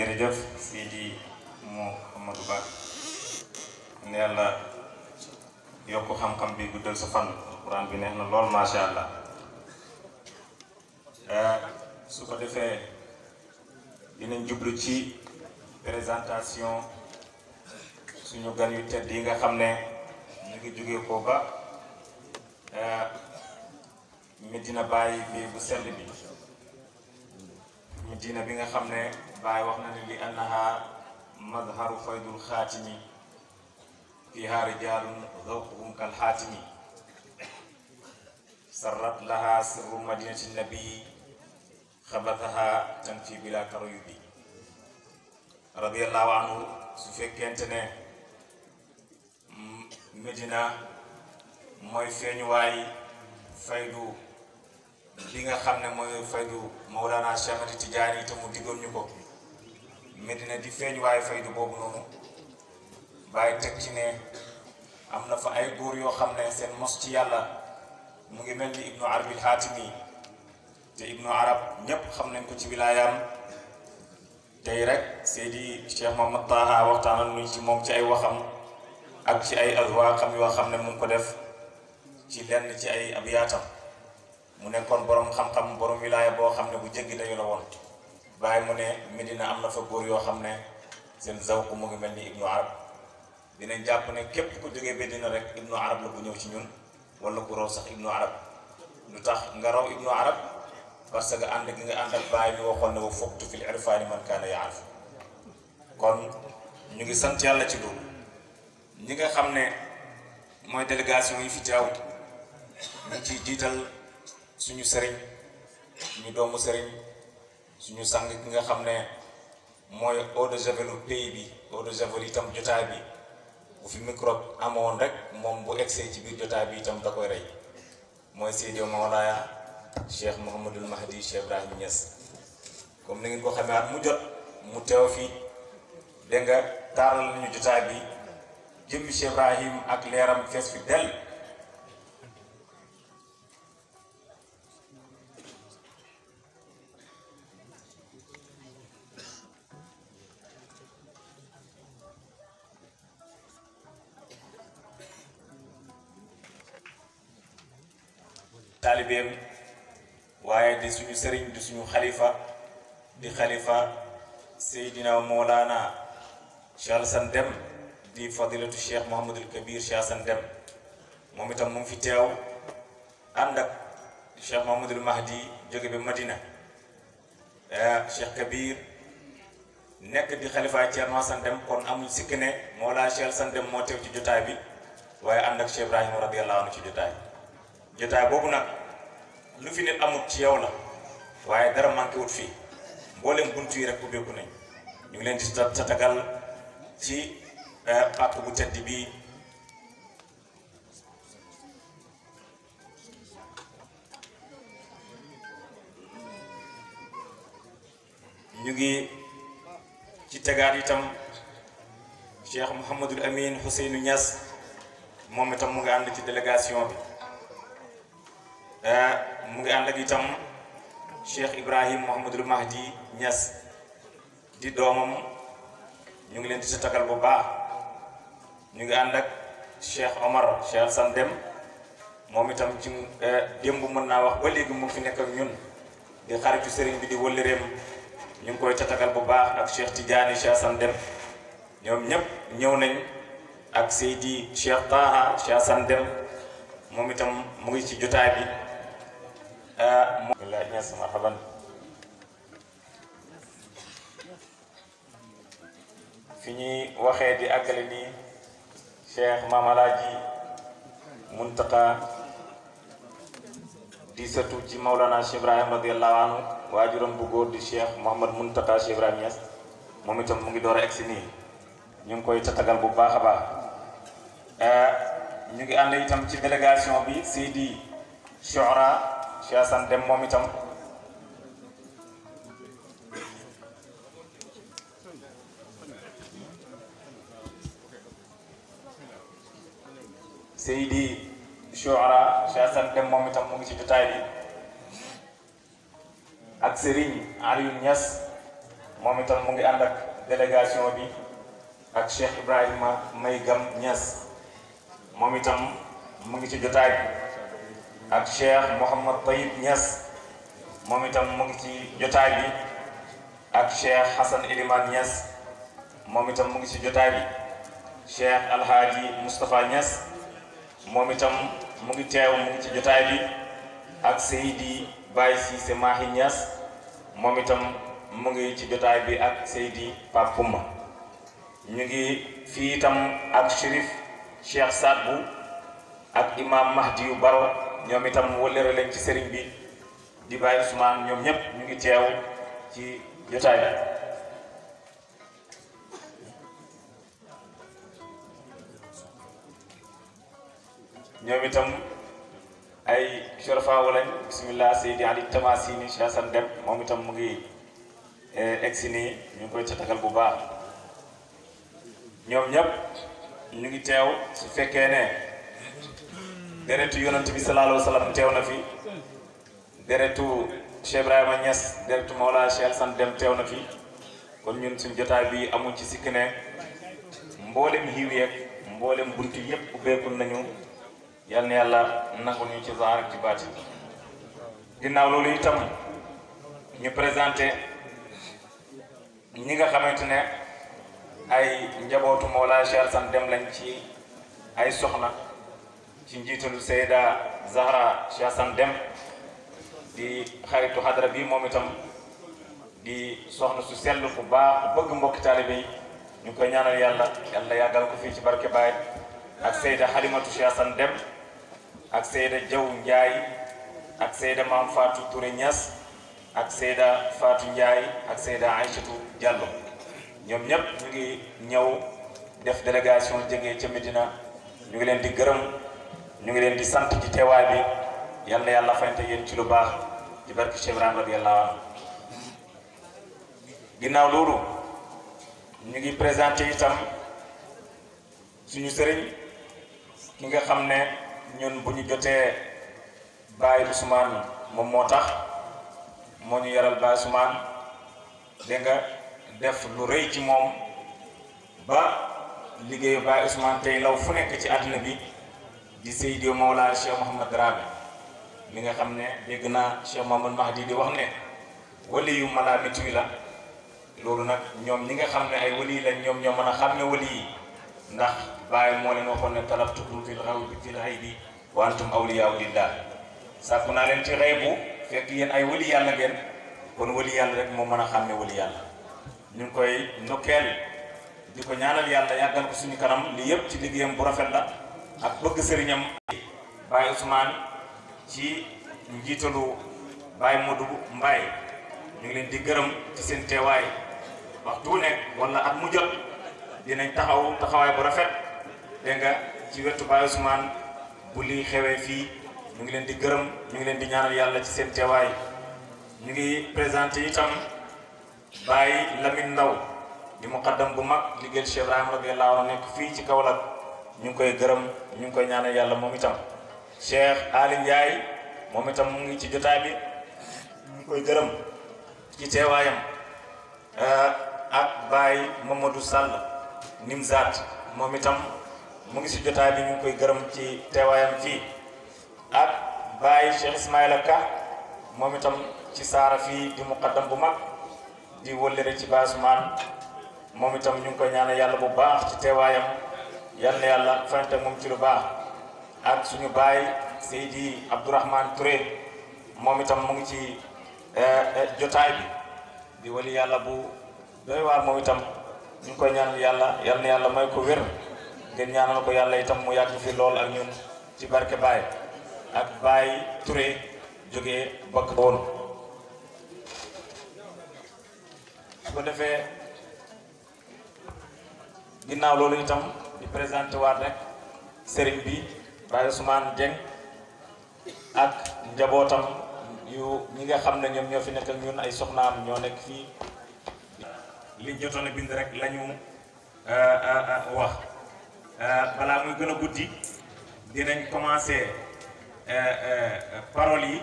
jërëjëf Sidi Mouhamadou Ba ne yàlla yokk xam-xam bi guddal sa fan alxuraan bi neex na lool macha allah eh, su ko defee dinañ jublu ci présentation suñu gan yu tedd yi nga xam ne ñu ngi jógee ko ba eh, Medina Baye bi bu sell bi muy diina bi nga xam ne Baay wax na ne li annaha madharu faydul xaatimi fiha rijalun zawquhum kal xaatimi sarrat laha sirru madinati nabii xabataha tan fi bila karuyubi radiallahu anhu su fekkente ne Medina mooy feeñuwaay faydu li nga xam ne mooy faydu Mawlana Cheikh Ahmad Tidiane te mu diggoon ñu ko Medina di feeñ waaye faydu boobu noonu bàyyi teg ci ne am na fa ay góor yoo xam ne seen mos ci yàlla mu ngi mel ni ibnu arabil xaatimi te ibnu arab ñépp xam nañ ko ci wilaayaam tey rek Seydi Cheikh Mahamad Taha waxtaanal nuñ ci moom ci ay waxam ak ci ay azwaaqam yoo xam ne mu ngi ko def ci lenn ci ay abiyaatam mu nekkoon borom xam-xam borom wilaaya boo xam ne bu jéggi dañu la woon bàyyi mu ne Medina am na fa góor yoo xam ne seen zawku mu ngi mel ni ibnu arab dinañ jàpp ne képp ku jógee Medina rek ibnu arab la bu ñëw ci ñun wala ku raw sax ibnu arab lu tax nga raw ibnu arab parce que ànd gi nga ànd ak bàyyi mi waxoon ne wa foktu fil irfaani man kaana yaarif kon ñu ngi sant yàlla ci loolu ñi nga xam ne mooy délégation yi fi teew ñu ci jiital suñu sëriñ suñu doomu sëriñ suñu sang ki nga xam ne mooy eau de javel pays bi eau de javel itam jotaay bi bu fi microbe amoon rek moom bu egsee ci biir jotaay bi itam da koy rey mooy Seydi Mawlaaya Cheikh Mouhamadul Mahdi Cheikh Ibrahim Niass comme ni nga ko xamee at mu jot mu tew fii dégg nga taaral nañu jotaay bi jëmmi Cheikh Ibrahim ak leeram fees fi del taalibeem waaye di suñu sëriñ di suñu xalifa di xalifa seydina moolaana Cheikh Alassane Dème di fadilatu Cheikh Mouhamadul Kabir Cheikh Alassane Dème moom itam mu fi teew ànd ak Cheikh Mouhamadul Mahdi jóge ba Madina eh, Cheikh Kabir nekk di xalifa Thierno Alassane Dème kon amuñ sikk ne moolaa Cheikh Alassane Dème moo teew ci jotaay bi waaye ànd ak Cheikh Ibrahima radiyallahu anhu ci jotaay jotaay boobu nag lu fi nit amut ci yow la waaye dara manqué wut fii mboolem bunt yi rek ubbeeku nañ ñu ngi leen di tatagal ci eh, pàkk bu tedd bi ñu ngi ci tegaat itam Cheikh Mouhamadul Amin Ousseynou Niass moom itam mu ngi ànd ci délégation bi Eh, mu ngi ànd ak itam Cheikh Ibrahim Mouhamadul Mahdi Niass di doomam ñu ngi leen di si bu baax ñu ngi ànd ak Cheikh Omar Cheikh Alsan moom itam ci eh, démb mën naa wax léegi mu fi nekk ak ñun di xaritu sëriñ bi di wëllëreem ñu ngi koy tatagal bu baax ak Cheikh Tidiane Cheikh San Dem ñoom ñëpp ñëw nañ ak Seydi Cheikh Taha Cheikh San Dem mu ngi ci jotaay bi billahi ñes marhaban fi ñuy waxee di àggale nii cheikh maam alaaji muntaka di sëtu ci maulana cheikh ibrahim radiallahu anhu waajuram bu góor di cheikh mohamad muntaka cheikh ibrahim ñes moom itam mu ngi door a egsi nii ñu ngi koy tatagal bu baax a baax eh, ñu ngi ànd itam ci délégation bi seydi Chouara Cheikh Assane Deme moom itam Seydi Chouara Cheikh Assane Deme mu ngi ci jotaay bi ak Serigne Aliou Niass moom mu ngi ànd ak bi ak Cheikh Ibrahima Maygam Niass moom itam mu ngi ci jotaay bi ak Cheikh Mouhamad Tayib Niass moom itam mu ngi ci jotaay bi ak Cheikh Hassan Elimane Niass moom itam mu ngi ci jotaay bi Cheikh Alhaaji Moustapha Niass moom itam mu ngi teew mu ngi ci jotaay bi ak Seydi Baye Cissé Mahi Niass moom bi ak Seydi Pape ñu ngi fii itam ak Chérif Cheikh Sadbou ak Imam Mahdi yu Baro ñoom itam wëllëre leen ci sëriñ bi di bàyyi Ousmane ñoom ñëpp ñu ngi teew ci jotaay bi ñoom itam ay shorfa walañ bismillah Seydi Ali Tamasini Cheikh Assane Dem moom itam mu ngi eh, egsi nii ñu ngi koy catagal bu baax ñoom ñëpp ñu ngi teew su fekkee ne deretu yonent bi sallallahu alayhi teew na fi deretu Cheikh Ibrahima Niass deretu Mawla Cheikh san dem teew na fi kon ñun suñ jotaay bi amuñ ci sikk ne mboolem xiiw yeeg mboolem bunt yépp ubbeekul nañu yal na yàlla nangul ñu ci zaar ak ci baati ginnaaw loolu itam ñu présenté ñi nga xamante ne ay njabootu Mawla Cheikh san dem lañ ci ay soxna ci njiitalu Seyda Zahra Chassan Dem di xaritu xadara bi moom itam di soxna su sell bu baax bëgg mbokki taalibe yi ñu koy ñaanal yàlla yàlla yàggal ko fii ci barke Baay ak Seyda Halimatu Chassan Dem ak Seyda jëw Njaay ak Seyda Maam Fatou Touré Niass ak Seyda faatu Ndiaye ak Seyda Aïchatou Diallo ñoom ñépp ngi ñëw def délégation jógee ca Medina ñu ngi leen di gërëm ñu ngi leen di sant ci teewaay bi yal na yàlla fayante yéen ci lu baax ci barke Cheikh Ibrahim radiyallahu anhu ginnaaw loolu ñu ngi présenté itam suñu sëriñ ki nga xam ne ñun bu ñu jotee Baye Ousmane moom moo tax moo ñu yaral Baye Ousmane dégg nga def lu rëy ci moom ba liggéeyu Baye Ousmane tey law fu nekk ci àddina bi di Seydi Mawlana Cheikh Mouhamad Dramé mi nga xam ne dégg naa Cheikh Mouhamad Mahdi di wax ne wali yu malaamit wi la loolu nag ñoom ñi nga xam ne ay wali ñoom ñoo man a xam ne wali ndax Baay moo leen waxoon ne talabtukum fil ghaybi fil ghaybi wa antum awliyaa lillah sàkku naa leen ci xëy bu fekk yéen ay wali yàlla ngeen kon wali yàlla rek moo mën a xam ne wali ñu ngi koy ndokkeel di ko ñaanal yàlla yàggal ko suñu kanam li yëpp ci liggéeyam bu rafet la ak bëgg sëriñam Baye Ousmane ci njiitalu baay Modou Mbaye ñu ngi leen di gërëm ci seen teewaay waxtu nekk wala at mu jot dinañ taxaw taxawaay bu rafet dégg nga ci wetu Baye Ousmane bu lii xewee fii mu ngi leen di gërëm ñu ngi leen di ñaanal yàlla ci seen teewaay mu ngi présenté itam Baye Lamine Ndaw di muqaddam bu mag liggéeyal Cheikh Ibrahima radiyallahu anhu nekk fii ci Kaolack ñu ngi koy gërëm ñu ngi koy ñaanal yàlla moom itam Cheikh Ali Ndiaye moom itam mu ngi ci jotaay bi ñu ngi koy gërëm ci teewaayam eh, ak Baye Mamadou Sall moom itam mu ngi si jotaay bi ñu ngi koy gërëm ci teewaayam fii ak Baye Ka moom itam ci saara fii di muqaddam bu mag di wëllëre ci basumaan moom itam ñu ngi koy ñaanal yàlla bu baax ci teewaayam yal na yàlla farante moom ci lu baax ak suñu baay Seydi Abdourahmane Touré moom itam mu ngi ci eh, eh, jotaay bi di wali yàlla bu doy waar moom itam ñu yàlla yal yàlla may ko wér ngeen ñaanal ko yàlla itam mu yàgg fi lool ak ñun ci barke Baye ak Baye Touré jógee bokk woon su ko defee ginnaaw loolu itam présenté waat rek sëriñ bi Baye Ousmane ak njabootam yu ñi nga xam ne ñoom ñoo fi nekkal ñun ay soxnaam ñoo nekk fii li jotoon a bind rek lañu euh, euh, euh, wax balaa muy gën a guddi dinañ commencer paroles yi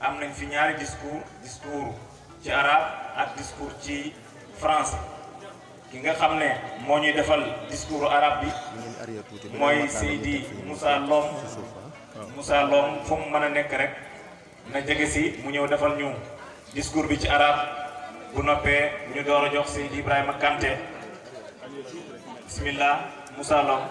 am nañ fi ñaari discours discours ci arabe ak discours ci france ki nga xam ne moo ñuy defal discours arabe bi mooy Seydi Moussa Lom Moussa Lom fu mu mën a nekk rek na jege si mu ñëw defal ñu discours bi ci arabe bu noppee ñu door a jox Seydi Ibrahima Kanté bismillah Moussa Lom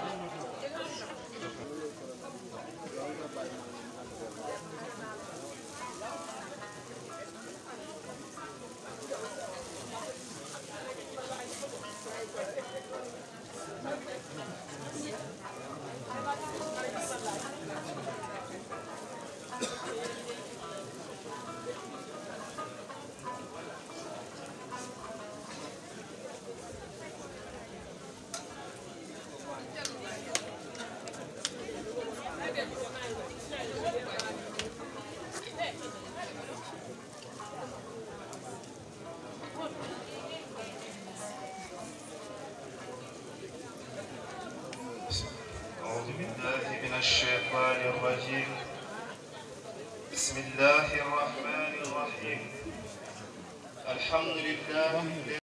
alhamdulillah